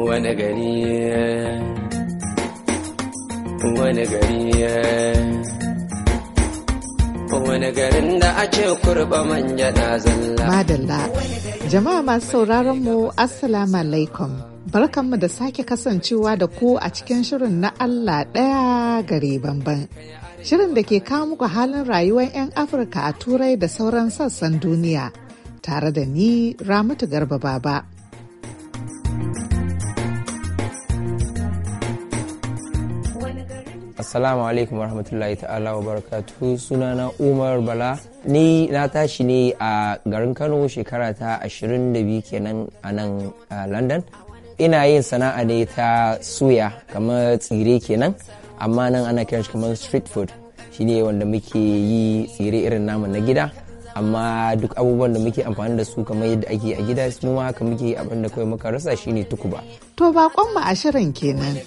wani gari wani gari wani garin da ake kurba manja na zalla. Madalla, jama'a masu sauraron mu Assalamu alaikum. Barkanmu da sake kasancewa da ku a cikin shirin na Allah ɗaya gare banban. Shirin da ke kawo muku halin rayuwar 'yan Afirka a Turai da sauran sassan duniya, tare da ni Ramatu Garba Baba. Assalamu alaikum warahmatullahi ta'ala wa barakatuhu sunana Umar Bala. Ni na tashi ne a garin Kano shekara ta 22 kenan a nan a London. Ina yin sana'a ne ta suya kamar tsire kenan amma nan ana kiran shi kamar street food shi ne wanda muke yi tsire irin namu na gida amma duk abubuwan da muke amfani da su kamar yadda ake a gida su ma haka muke abin da kawai muka rasa shine tukuba. To bakon ma a shirin kenan.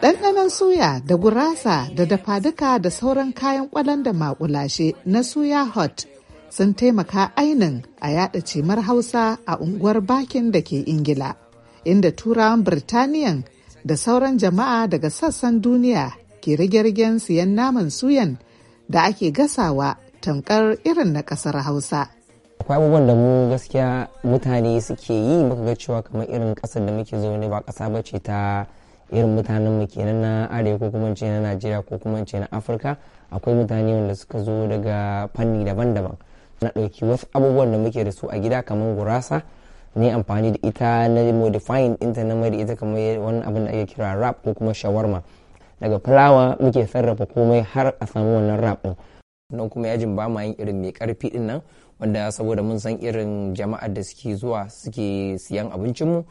Ɗanɗanon suya da gurasa da dafa duka da sauran kayan kwalan da maƙulashe na suya hot sun taimaka ainin a yada cimar hausa a unguwar bakin da ke ingila inda turawan birtaniyan da sauran jama'a daga sassan duniya ke rige-rigen siyan naman suyan da ake gasawa tamkar irin na ƙasar hausa akwai abubuwan da mu gaskiya mutane suke yi muka ga cewa kamar irin ƙasar da muke zaune ba kasa ba ce ta irin mutanen mu kenan na arewa ko kuma ce na najeriya ko kuma ce na afirka akwai mutane wanda suka zo daga fanni daban-daban na ɗauki wasu abubuwan da muke da su a gida kamar gurasa ne amfani da ita na modifying ɗinta na mai da ita kamar wani abin da ake kira rap ko kuma shawarma daga fulawa muke sarrafa komai har a samu wannan rap ɗin don kuma yajin ba ma yin irin mai karfi ɗin nan wanda saboda mun san irin jama'ar da suke zuwa suke siyan abincinmu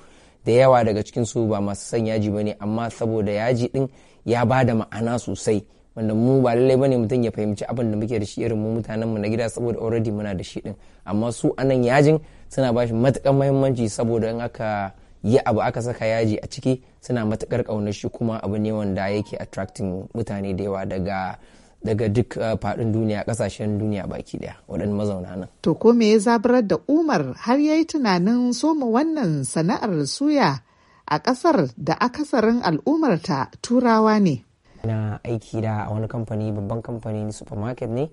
da yawa daga cikin su ba masu son yaji ba ne amma saboda yaji din ya ba da ma'ana sosai wanda mu ba lallai bane mutum ya fahimci abin da muke da shi irin mu mutanen mu na gida saboda already muna da shi din amma su anan yajin suna bashi matukar muhimmanci saboda in aka yi abu aka saka yaji a ciki suna matukar kaunar shi kuma abu ne wanda yake attracting mutane da yawa daga daga duk uh, faɗin duniya kasashen duniya baki ɗaya waɗanda mazauna nan. To ko me ya zaburar da Umar har ya yi tunanin soma wannan sana'ar suya a ƙasar da akasarin al'ummarta turawa ne. Na aiki da a wani kamfani babban kamfani supermarket ne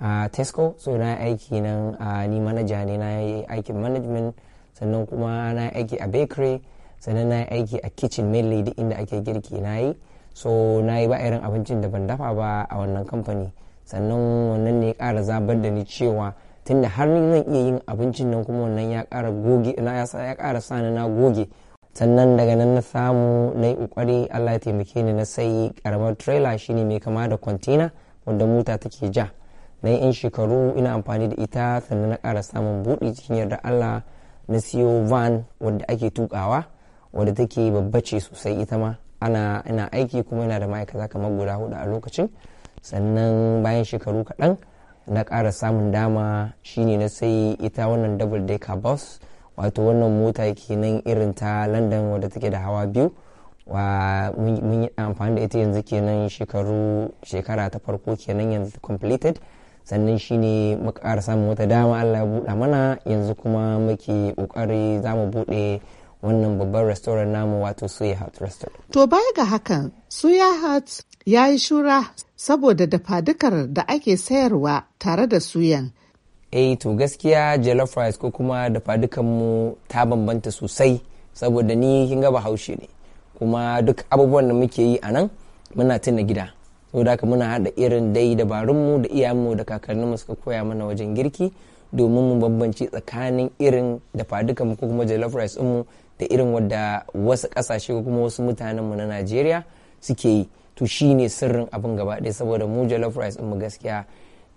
a Tesco so na aiki nan a ni manaja ne na aikin management sannan kuma na aiki a bakery sannan na aiki a kitchen mainly duk inda ake girki na yi. so na yi ba irin abincin da ban dafa ba a wannan kamfani sannan wannan ne ya ƙara zabar da ni cewa tunda har ni zan iya yin abincin nan kuma wannan ya kara goge na ya ƙara sani na goge sannan daga nan na samu na yi ƙoƙari Allah ya taimake ni na sai karamar trailer shine mai kama da kwantena wanda mota take ja na yi 'yan shekaru ina amfani da ita sannan na kara samun buɗi cikin yarda Allah na siyo van wadda ake tukawa wadda take babbace sosai ita ma ana ina aiki kuma yana da ma'aikata kamar guda hudu a lokacin sannan bayan shekaru kaɗan na ƙara samun dama shine na sai ita wannan double decker bus wato wannan mota kenan irin ta london wadda take da hawa biyu wa mun yi amfani da ita yanzu kenan shekaru shekara ta farko kenan yanzu completed sannan shine muka ƙara samun wata dama allah ya buɗa mana yanzu kuma muke ƙoƙari za mu buɗe wannan babban restaurant namu wato suya hut restaurant to baya ga hakan suya hut ya yi shura saboda dafadukar da ake sayarwa tare da suyan e to gaskiya jollof rice ko kuma fadukan mu ta bambanta sosai saboda ni kin ga bahaushe ne kuma duk abubuwan da muke yi a nan muna tuna gida saboda haka muna hada irin dai dabarunmu da iyayenmu da kakanninmu suka koya mana wajen girki domin mu bambanci tsakanin irin fadukan mu ko kuma jollof rice mu da irin wadda wasu kasashe ko kuma wasu mutanenmu na najeriya suke yi to shi ne sirrin abin gaba ɗaya saboda mu jollof rice mu gaskiya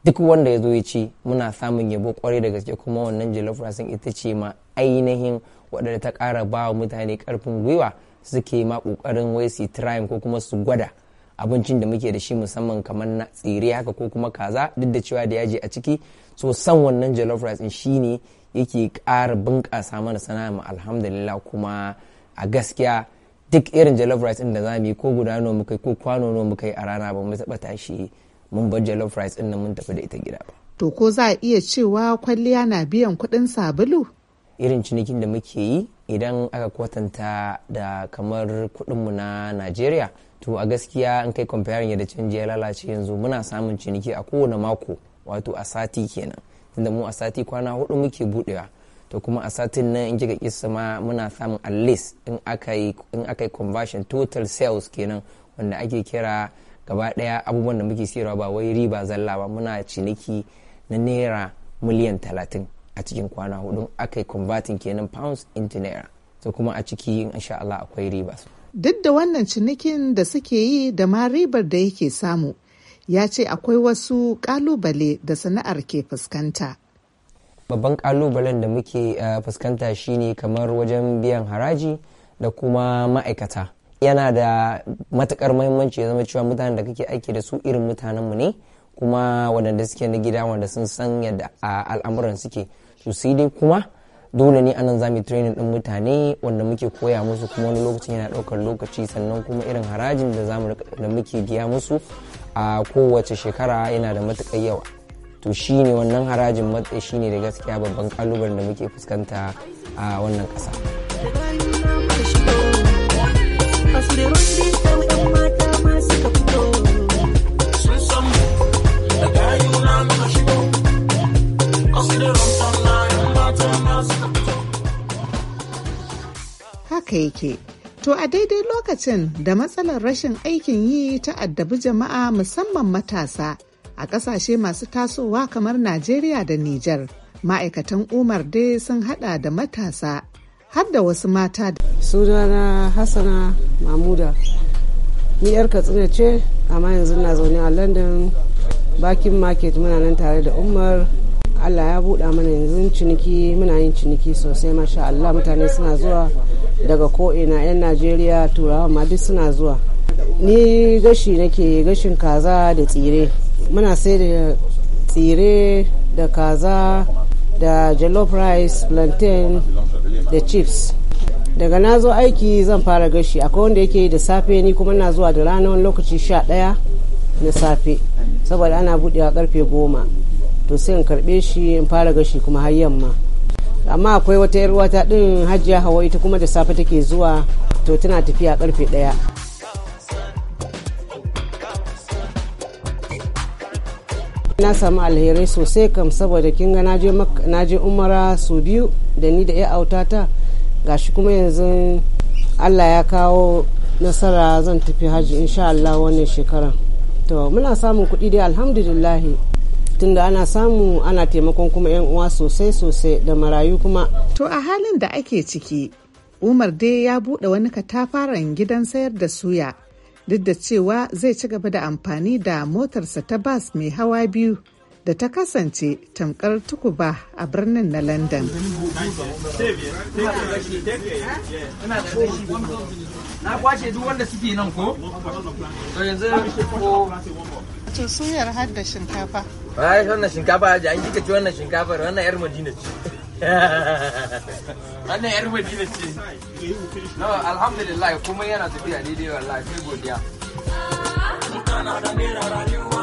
duk wanda ya zo ya ce muna samun yabo kwarai da gaske kuma wannan jollof rice ita ce ma ainihin waɗanda ta kara ba wa mutane karfin gwiwa suke ma ƙoƙarin wai su trying ko kuma su gwada abincin da muke da shi musamman kamar na tsire haka ko kuma kaza duk da cewa da yaji a ciki so san wannan jollof rice shi ne yake ƙara bunƙasa mana sana'a mu alhamdulillah kuma a gaskiya duk irin jollof rice ɗin da za mu yi ko guda nawa muka ko kwano nawa muka yi a rana ba mu taɓa tashi mun bar jollof rice ɗin nan mun tafi da ita gida ba to ko za a iya cewa kwalliya na biyan kuɗin sabulu irin cinikin da muke yi idan aka kwatanta da kamar kuɗin mu na najeriya to a gaskiya in kai comparing da canji ya lalace yanzu muna samun ciniki a kowane mako wato a sati kenan tunda mu a sati kwana hudu muke budewa to kuma a satin nan in kika kisa ma muna samun at least in aka yi conversion total sales kenan wanda ake kira gaba daya abubuwan da muke siyarwa ba wai riba zalla ba muna ciniki na naira miliyan talatin a cikin kwana hudu aka yi converting kenan pounds into naira to kuma a ciki insha Allah akwai riba duk da wannan cinikin da suke yi da ma ribar da yake samu ya ce akwai wasu kalubale da sana'ar ke fuskanta. Babban kalubalen da muke eh, fuskanta shine kamar wajen biyan haraji da kuma ma'aikata. Yana da matukar muhimmanci ya zama cewa mutanen da kake aiki da su irin mutanenmu ne kuma waɗanda suke na gida wanda sun san yadda al'amuran suke. su dai kuma dole ne anan zamu training din mutane wanda muke koya musu kuma wani lokacin yana ɗaukar lokaci sannan kuma irin harajin da da muke biya musu a kowace shekara yana da matuƙar yawa to shi ne wannan harajin matsayi shi ne da gaskiya babban kalubar da muke fuskanta a wannan ƙasa. Haka yake To a daidai lokacin da matsalar rashin aikin yi ta addabi jama'a musamman matasa a kasashe masu tasowa kamar Najeriya da Nijar. Ma'aikatan Umar dai sun hada da matasa har da wasu mata da. Sunana Hassana Mamuda. Ni 'yar Katsina ce, amma yanzu na zaune a London bakin market muna nan tare da Umar. Allah ya buɗa mana yanzu ciniki muna yin ciniki sosai masha Allah mutane suna zuwa daga ko'ina 'yan najeriya turawa ma duk suna zuwa ni gashi nake gashin kaza da tsire muna sai da tsire da kaza da jollof rice plantain da chips daga na zo aiki zan fara gashi akwai wanda yake da safe ni kuma na zuwa da rana wani lokaci sha ɗaya na safe saboda ana buɗewa karfe goma to sai in karɓe shi in fara gashi kuma har yamma amma akwai wata yar wata din hajiya hawa ita kuma da safe take zuwa to tana tafiya karfe daya na samu alherai sosai kam saboda kin ga naje umara su biyu da ni da ya autata gashi kuma yanzu allah ya kawo nasara zan tafi hajji insha allah wannan shekaran to muna samun kuɗi dai alhamdulillahi tunda ana samu ana taimakon kuma 'yan uwa sosai sosai da marayu kuma to a halin da ake ciki umar dai ya buɗe wani katafaren gidan sayar da suya duk da cewa zai ci gaba da amfani da motarsa ta bas mai hawa biyu da ta kasance tamkar tukuba a birnin na london na kwashe duk wanda suke nan To suyar har da shinkafa. Ai wannan shinkafa da an kika ci wannan shinkafar wannan yar Madina ce. Wannan yar Madina ce. No alhamdulillah kuma yana tafiya daidai wallahi sai godiya. Kana da mera rayuwa.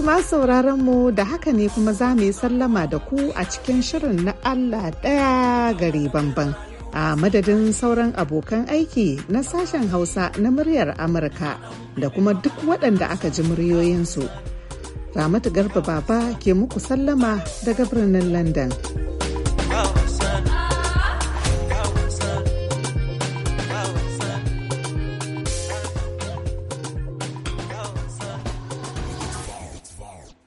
ma masu sauraron mu da haka ne kuma za mu yi sallama da ku a cikin shirin na Allah ɗaya gari bamban. A madadin sauran abokan aiki na sashen Hausa na muryar Amurka da kuma duk waɗanda aka ji muryoyinsu. Ramatu Garba Baba ke muku sallama daga birnin London.